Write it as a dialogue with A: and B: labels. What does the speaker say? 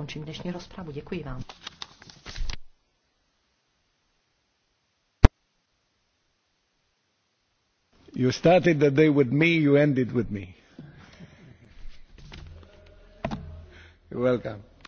A: končím dnešní rozpravu. Děkuji vám.
B: You started the day with me, you ended with me.
C: You're welcome.